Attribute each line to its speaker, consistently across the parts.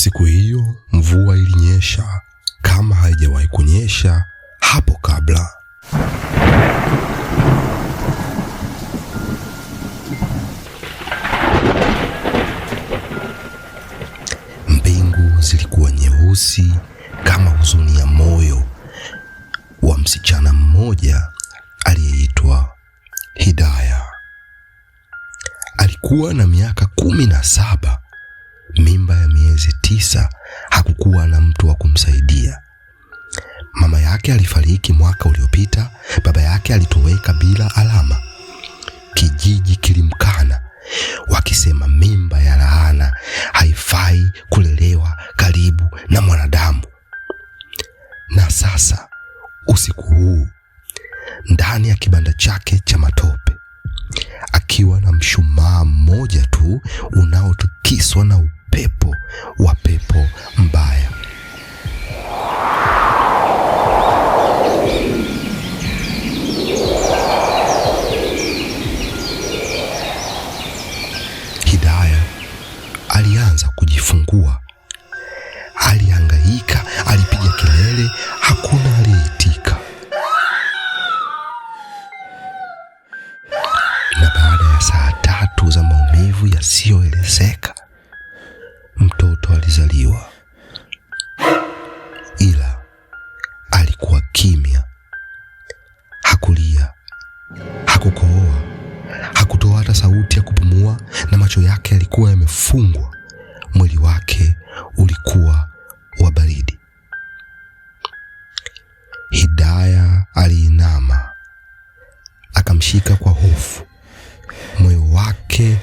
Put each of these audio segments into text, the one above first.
Speaker 1: Siku hiyo mvua ilinyesha kama haijawahi kunyesha hapo kabla. Mbingu zilikuwa nyeusi kama huzuni ya moyo wa msichana mmoja aliyeitwa Hidaya. Alikuwa na miaka kumi na saba miezi tisa hakukuwa na mtu wa kumsaidia. Mama yake alifariki mwaka uliopita, baba yake alitoweka bila alama. Kijiji kilimkana wakisema mimba ya laana haifai kulelewa karibu na mwanadamu. Na sasa usiku huu, ndani ya kibanda chake cha matope, akiwa na mshumaa mmoja tu unaotikiswa na upepo wa pepo mbaya. Hidaya alianza kujifungua, alihangaika, alipiga kelele, hakuna aliyeitika. Na baada ya saa tatu za maumivu yasiyoelezeka Alikuwa kimya, hakulia, hakukohoa, hakutoa hata sauti ya kupumua, na macho yake yalikuwa yamefungwa. Mwili wake ulikuwa wa baridi. Hidaya aliinama akamshika kwa hofu, moyo wake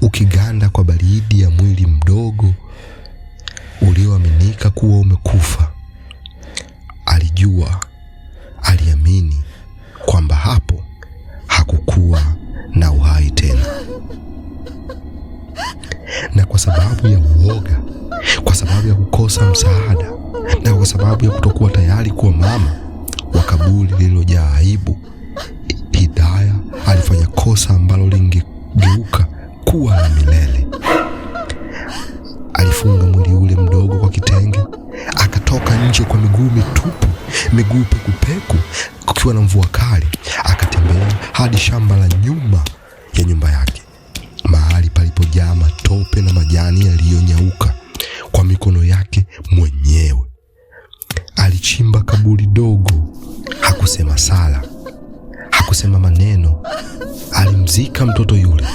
Speaker 1: ukiganda kwa baridi ya mwili mdogo ulioaminika kuwa umekufa alijua, aliamini kwamba hapo hakukuwa na uhai tena, na kwa sababu ya uoga, kwa sababu ya kukosa msaada, na kwa sababu ya kutokuwa tayari kuwa mama wa kaburi lililojaa aibu, Hidaya alifanya kosa ambalo lingegeuka kuwa la milele. Alifunga mwili ule mdogo kwa kitenge, akatoka nje kwa miguu mitupu miguu pekupeku, kukiwa na mvua kali, akatembea hadi shamba la nyuma ya nyumba yake, mahali palipojaa matope na majani yaliyonyauka. Kwa mikono yake mwenyewe alichimba kaburi dogo. Hakusema sala, hakusema maneno. Alimzika mtoto yule,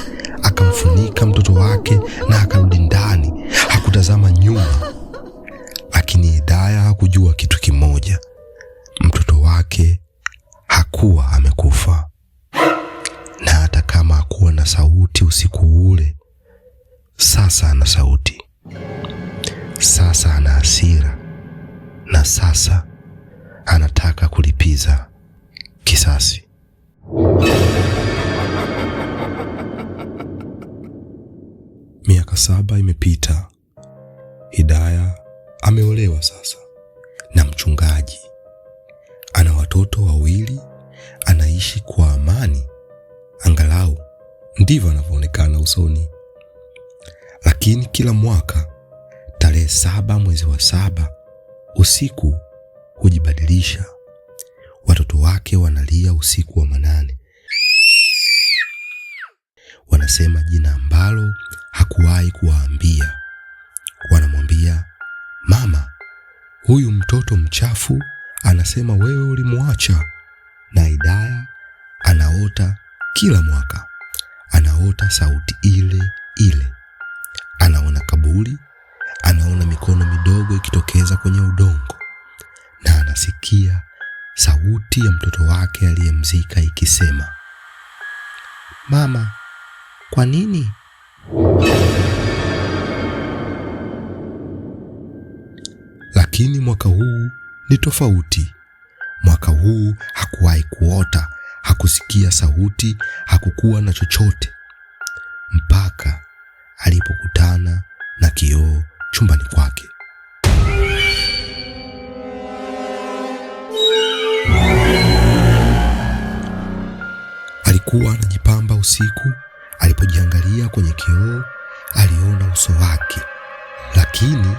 Speaker 1: akamfunika mtoto wake na akarudi ndani. Hakutazama nyuma, lakini Hidaya hakujua kitu kimoja wake hakuwa amekufa, na hata kama hakuwa na sauti usiku ule, sasa ana sauti, sasa ana hasira, na sasa anataka kulipiza kisasi. Miaka saba imepita. Hidaya ameolewa sasa na mchungaji ana watoto wawili, anaishi kwa amani, angalau ndivyo anavyoonekana usoni. Lakini kila mwaka tarehe saba mwezi wa saba usiku hujibadilisha. Watoto wake wanalia usiku wa manane, wanasema jina ambalo hakuwahi kuwaambia. Wanamwambia mama, huyu mtoto mchafu anasema wewe ulimwacha, na Hidaya anaota kila mwaka, anaota sauti ile ile, anaona kaburi, anaona mikono midogo ikitokeza kwenye udongo, na anasikia sauti ya mtoto wake aliyemzika ikisema, mama, kwa nini? Lakini mwaka huu ni tofauti. Mwaka huu hakuwahi kuota, hakusikia sauti, hakukuwa na chochote mpaka alipokutana na kioo chumbani kwake. Alikuwa anajipamba usiku. Alipojiangalia kwenye kioo, aliona uso wake lakini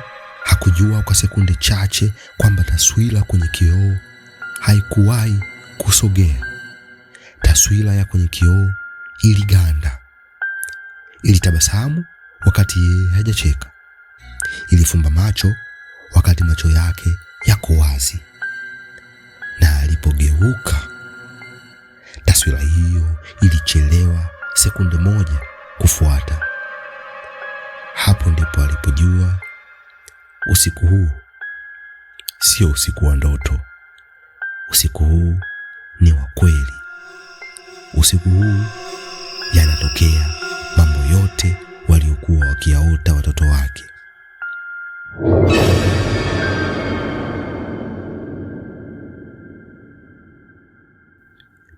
Speaker 1: Hakujua kwa sekunde chache kwamba taswira kwenye kioo haikuwahi kusogea. Taswira ya kwenye kioo iliganda, ilitabasamu wakati yeye hajacheka, ilifumba macho wakati macho yake yako wazi, na alipogeuka, taswira hiyo ilichelewa sekunde moja kufuata. Hapo ndipo alipojua Usiku huu sio usiku wa ndoto. Usiku huu ni wa kweli. Usiku huu yanatokea mambo yote waliokuwa wakiyaota watoto wake.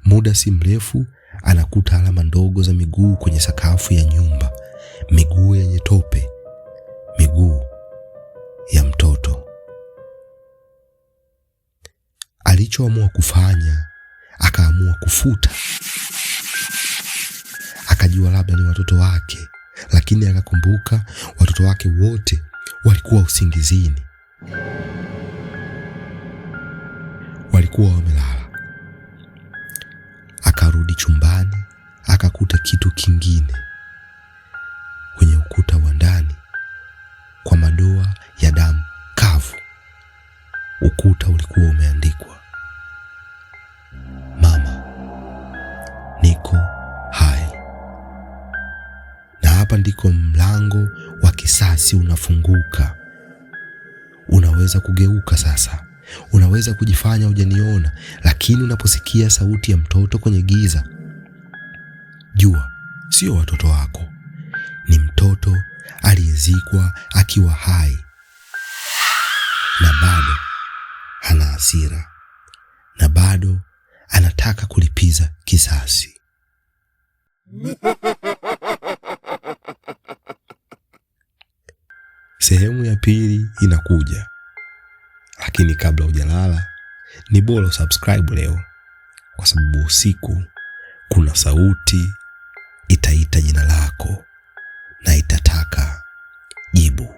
Speaker 1: Muda si mrefu anakuta alama ndogo za miguu kwenye sakafu ya nyumba, miguu yenye tope, miguu alichoamua kufanya, akaamua kufuta. Akajua labda ni watoto wake, lakini akakumbuka watoto wake wote walikuwa usingizini, walikuwa wamelala. Akarudi chumbani, akakuta kitu kingine kwenye ukuta wa ndani kwa madoa ya damu kavu. Ukuta ulikuwa umeandikwa ndiko mlango wa kisasi unafunguka. Unaweza kugeuka sasa, unaweza kujifanya hujaniona, lakini unaposikia sauti ya mtoto kwenye giza, jua sio watoto wako, ni mtoto aliyezikwa akiwa hai na bado ana hasira na bado anataka kulipiza kisasi. Sehemu ya pili inakuja, lakini kabla hujalala ni bora usubscribe leo, kwa sababu usiku kuna sauti itaita jina lako na itataka jibu.